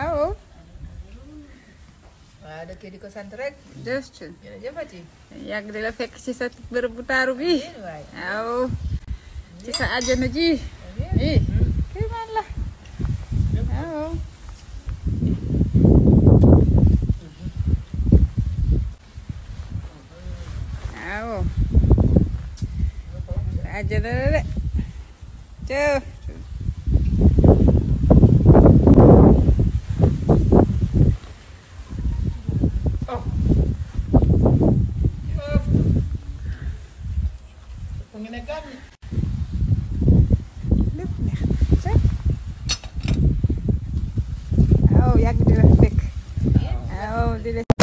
આવો Ada kiri kosan trek. Dos chun. Kira je pachi. fek si sat berputar ubi. Au. Cisa aja naji. Eh. Kiman hmm. lah. Au. de de. lépp neex na waaw yàgg di la fekk waaw di la